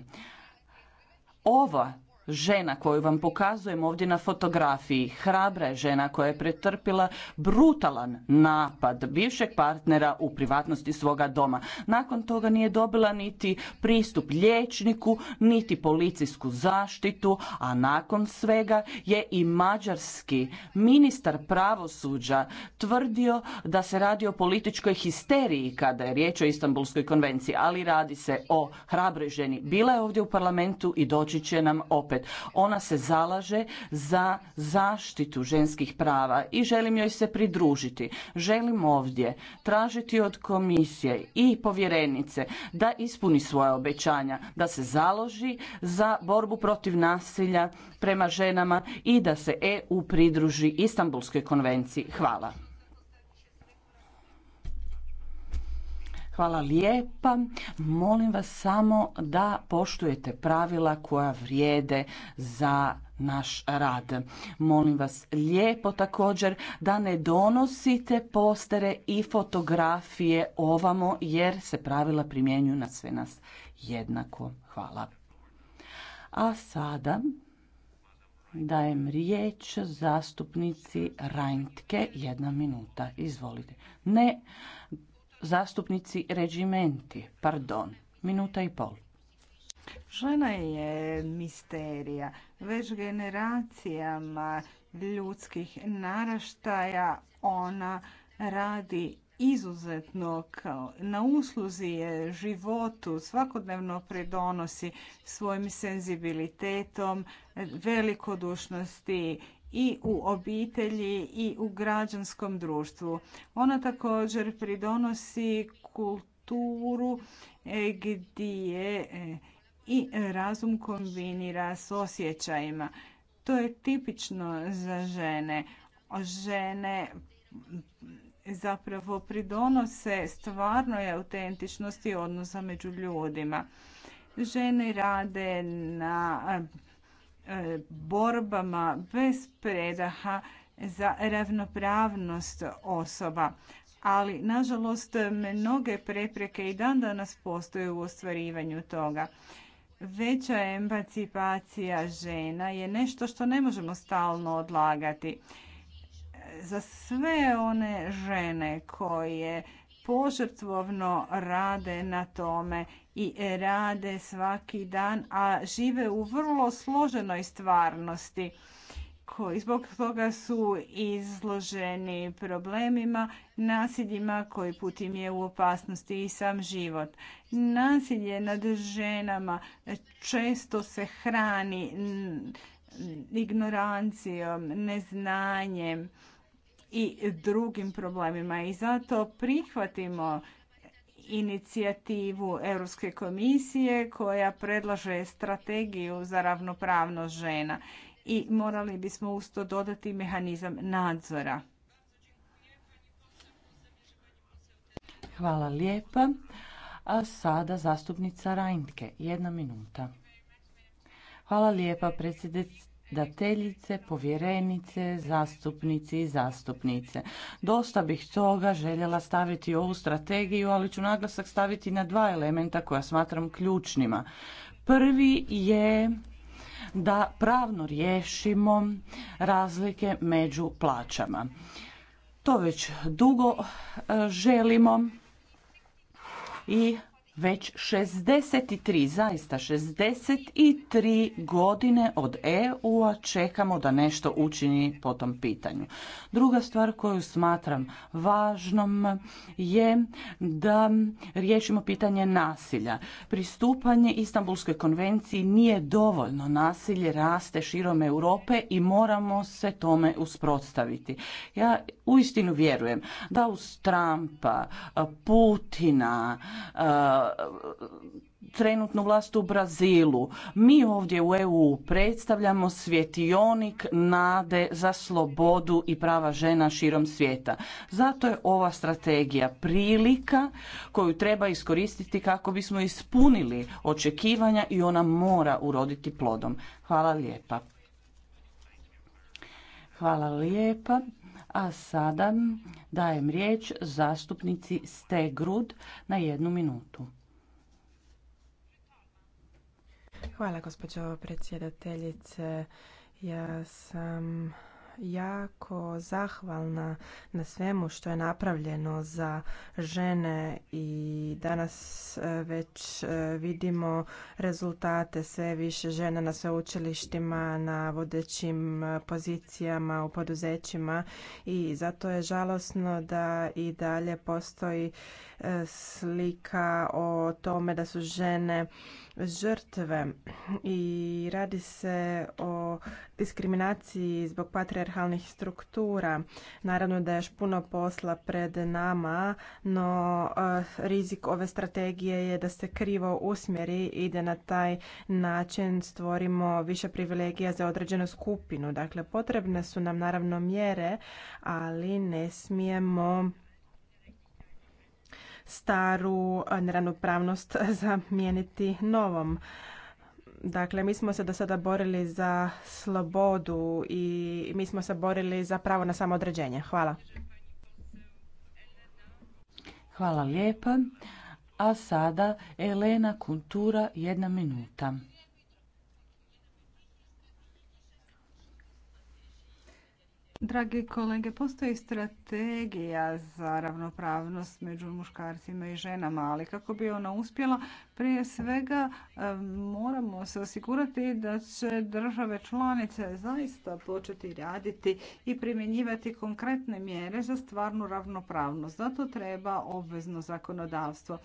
Ova žena koju vam pokazujem ovdje na fotografiji, hrabra je žena koja je pretrpila brutalan napad bivšeg partnera u privatnosti svoga doma. Nakon toga nije dobila niti pristup liječniku, niti policijsku zaštitu, a nakon svega je i mađarski ministar pravosuđa tvrdio da se radi o političkoj histeriji kada je riječ o Istanbulskoj konvenciji, ali radi se o hrabroj ženi. Bila je ovdje u parlamentu i doći će nam opet. Ona se zalaže za zaštitu ženskih prava i želim joj se pridružiti. Želim ovdje tražiti od komisije i povjerenice da ispuni svoja obećanja, da se založi za borbu protiv nasilja prema ženama i da se EU pridruži Istanbulskoj konvenciji. Hvala. Hvala lijepa. Molim vas samo da poštujete pravila koja vrijede za naš rad. Molim vas lijepo također da ne donosite postere i fotografije ovamo jer se pravila primjenjuju na sve nas jednako. Hvala. A sada dajem riječ zastupnici Rajntke. Jedna minuta. Izvolite. Ne, zastupnici Regimenti, pardon, minuta i pol. Žena je misterija. Već generacijama ljudskih naraštaja ona radi izuzetno kao na usluzi je životu, svakodnevno predonosi svojim senzibilitetom, velikodušnosti i u obitelji i u građanskom društvu. Ona također pridonosi kulturu e, gdje e, i razum kombinira s osjećajima. To je tipično za žene. Žene zapravo pridonose stvarnoj autentičnosti odnosa među ljudima. Žene rade na E, borbama bez predaha za ravnopravnost osoba. Ali, nažalost, mnoge prepreke i dan danas postoje u ostvarivanju toga. Veća emancipacija žena je nešto što ne možemo stalno odlagati. Za sve one žene koje požrtvovno rade na tome i rade svaki dan, a žive u vrlo složenoj stvarnosti. Koji zbog toga su izloženi problemima, nasiljima koji putim je u opasnosti i sam život. Nasilje nad ženama često se hrani ignorancijom, neznanjem, i drugim problemima. I zato prihvatimo inicijativu Europske komisije koja predlaže strategiju za ravnopravnost žena i morali bismo usto dodati mehanizam nadzora. Hvala lijepa. A sada zastupnica Rajnke, jedna minuta. Hvala lijepa dateljice, povjerenice, zastupnici i zastupnice. Dosta bih toga željela staviti u ovu strategiju, ali ću naglasak staviti na dva elementa koja smatram ključnima. Prvi je da pravno riješimo razlike među plaćama. To već dugo e, želimo i već 63, zaista 63 godine od EU-a čekamo da nešto učini po tom pitanju. Druga stvar koju smatram važnom je da riješimo pitanje nasilja. Pristupanje Istanbulskoj konvenciji nije dovoljno. Nasilje raste širom Europe i moramo se tome usprotstaviti. Ja uistinu vjerujem da uz Trumpa, Putina, trenutnu vlast u Brazilu. Mi ovdje u EU predstavljamo svjetionik nade za slobodu i prava žena širom svijeta. Zato je ova strategija prilika koju treba iskoristiti kako bismo ispunili očekivanja i ona mora uroditi plodom. Hvala lijepa. Hvala lijepa. A sada dajem riječ zastupnici Stegrud na jednu minutu. Hvala gospođo predsjedateljice. Ja sam jako zahvalna na svemu što je napravljeno za žene i danas e, već e, vidimo rezultate sve više žena na sveučilištima, na vodećim e, pozicijama u poduzećima i zato je žalosno da i dalje postoji slika o tome da su žene žrtve i radi se o diskriminaciji zbog patriarhalnih struktura. Naravno da je još puno posla pred nama, no eh, rizik ove strategije je da se krivo usmjeri i da na taj način stvorimo više privilegija za određenu skupinu. Dakle, potrebne su nam naravno mjere, ali ne smijemo staru neravnopravnost zamijeniti novom. Dakle, mi smo se do sada borili za slobodu i mi smo se borili za pravo na samoodređenje. Hvala. Hvala lijepa. A sada Elena Kuntura, jedna minuta. Dragi kolege, postoji strategija za ravnopravnost među muškarcima i ženama, ali kako bi ona uspjela, prije svega e, moramo se osigurati da će države članice zaista početi raditi i primjenjivati konkretne mjere za stvarnu ravnopravnost. Zato treba obvezno zakonodavstvo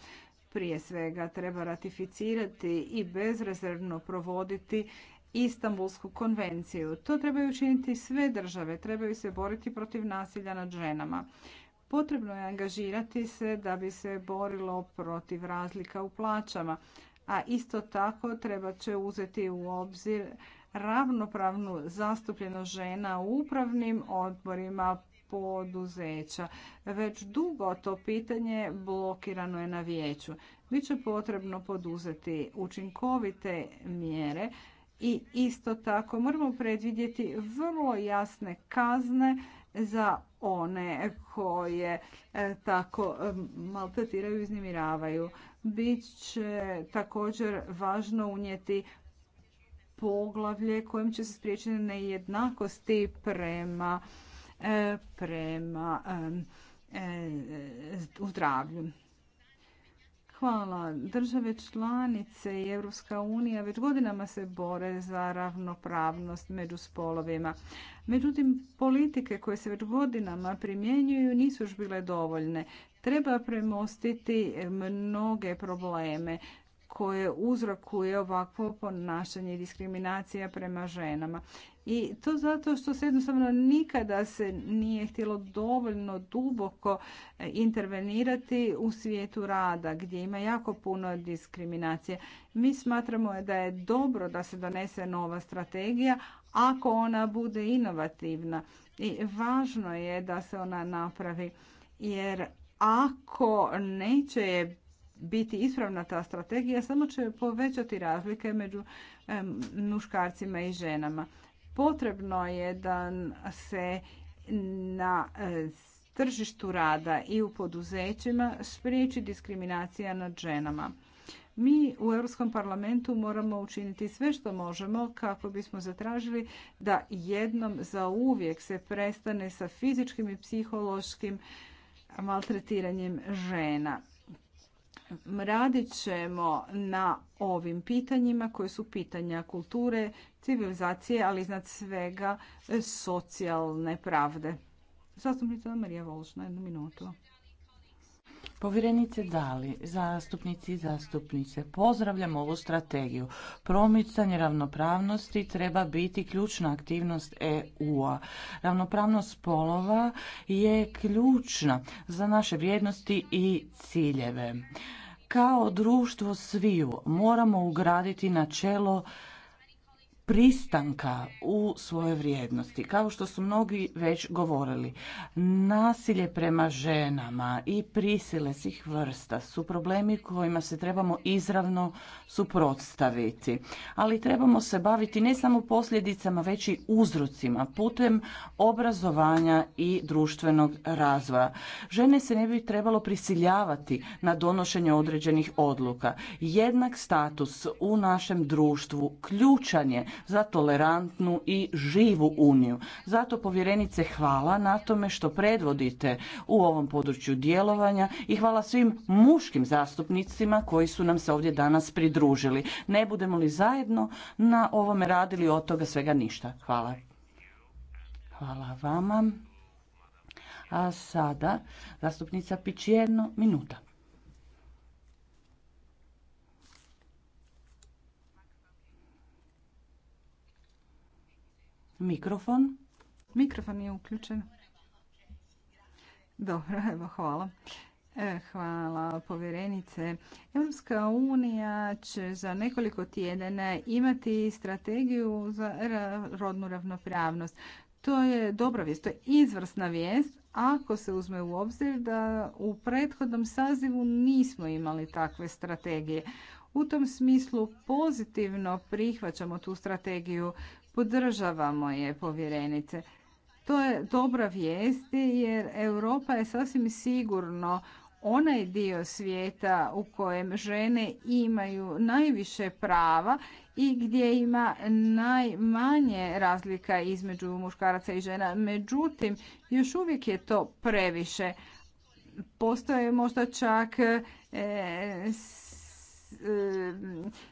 prije svega treba ratificirati i bezrezervno provoditi Istanbulsku konvenciju. To trebaju učiniti sve države, trebaju se boriti protiv nasilja nad ženama. Potrebno je angažirati se da bi se borilo protiv razlika u plaćama, a isto tako treba će uzeti u obzir ravnopravnu zastupljenost žena u upravnim odborima poduzeća. Već dugo to pitanje blokirano je na vijeću. Biće potrebno poduzeti učinkovite mjere i isto tako moramo predvidjeti vrlo jasne kazne za one koje e, tako e, maltretiraju i uznemiravaju. Biće također važno unijeti poglavlje kojim će se spriječiti nejednakosti prema e, prema zdravlju. Hvala. Države članice i Europska unija već godinama se bore za ravnopravnost među spolovima. Međutim, politike koje se već godinama primjenjuju nisu još bile dovoljne. Treba premostiti mnoge probleme koje uzrokuje ovakvo ponašanje i diskriminacija prema ženama. I to zato što se jednostavno nikada se nije htjelo dovoljno duboko e, intervenirati u svijetu rada gdje ima jako puno diskriminacije. Mi smatramo da je dobro da se donese nova strategija ako ona bude inovativna. I važno je da se ona napravi jer ako neće biti ispravna ta strategija, samo će povećati razlike među muškarcima i ženama. Potrebno je da se na e, tržištu rada i u poduzećima spriječi diskriminacija nad ženama. Mi u Europskom parlamentu moramo učiniti sve što možemo kako bismo zatražili da jednom za uvijek se prestane sa fizičkim i psihološkim maltretiranjem žena. Radit ćemo na ovim pitanjima koje su pitanja kulture, civilizacije, ali iznad svega socijalne pravde. Zastupnica Marija Volš na jednu minutu. Povjerenice Dali, zastupnici i zastupnice, pozdravljam ovu strategiju. Promicanje ravnopravnosti treba biti ključna aktivnost EU-a. Ravnopravnost spolova je ključna za naše vrijednosti i ciljeve. Kao društvo sviju moramo ugraditi načelo pristanka u svoje vrijednosti. Kao što su mnogi već govorili, nasilje prema ženama i prisile svih vrsta su problemi kojima se trebamo izravno suprotstaviti. Ali trebamo se baviti ne samo posljedicama, već i uzrocima putem obrazovanja i društvenog razvoja. Žene se ne bi trebalo prisiljavati na donošenje određenih odluka. Jednak status u našem društvu ključan je za tolerantnu i živu uniju. Zato povjerenice hvala na tome što predvodite u ovom području djelovanja i hvala svim muškim zastupnicima koji su nam se ovdje danas pridružili. Ne budemo li zajedno na ovome radili od toga svega ništa. Hvala. Hvala vama. A sada zastupnica Pić minuta. Mikrofon. Mikrofon je uključen. Dobro, evo hvala. E, hvala povjerenice. Europska unija će za nekoliko tjedana imati strategiju za rodnu ravnopravnost. To je dobra vijest, to je izvrsna vijest ako se uzme u obzir da u prethodnom sazivu nismo imali takve strategije. U tom smislu pozitivno prihvaćamo tu strategiju Podržavamo je povjerenice. To je dobra vijest jer Europa je sasvim sigurno onaj dio svijeta u kojem žene imaju najviše prava i gdje ima najmanje razlika između muškaraca i žena. Međutim, još uvijek je to previše. Postoje možda čak e, E,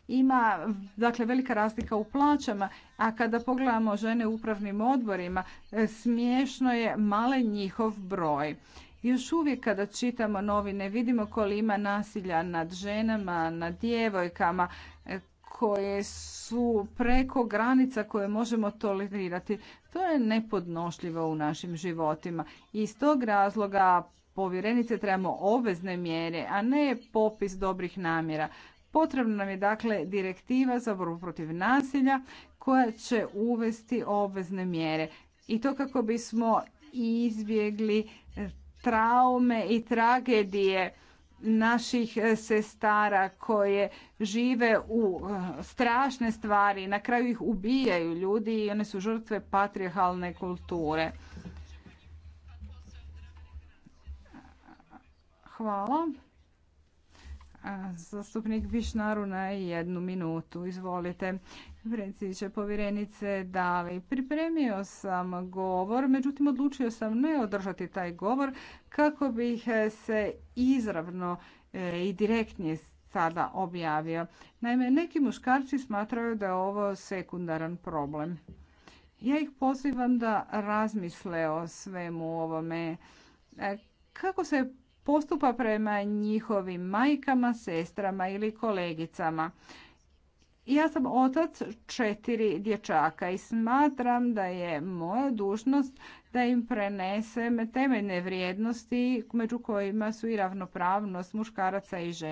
ima dakle velika razlika u plaćama, a kada pogledamo žene u upravnim odborima, e, smiješno je male njihov broj. Još uvijek kada čitamo novine vidimo koliko ima nasilja nad ženama, nad djevojkama e, koje su preko granica koje možemo tolerirati. To je nepodnošljivo u našim životima. I iz tog razloga povjerenice trebamo obvezne mjere, a ne popis dobrih namjera. Potrebna nam je dakle direktiva za borbu protiv nasilja koja će uvesti obvezne mjere. I to kako bismo izbjegli traume i tragedije naših e, sestara koje žive u e, strašne stvari, na kraju ih ubijaju ljudi i one su žrtve patrijarhalne kulture. Hvala. Zastupnik Višnaru na jednu minutu. Izvolite. Predsjedniče povjerenice li pripremio sam govor, međutim odlučio sam ne održati taj govor kako bih se izravno e, i direktnije sada objavio. Naime, neki muškarci smatraju da je ovo sekundaran problem. Ja ih pozivam da razmisle o svemu ovome. E, kako se postupa prema njihovim majkama, sestrama ili kolegicama. Ja sam otac četiri dječaka i smatram da je moja dužnost da im prenesem temeljne vrijednosti među kojima su i ravnopravnost muškaraca i žena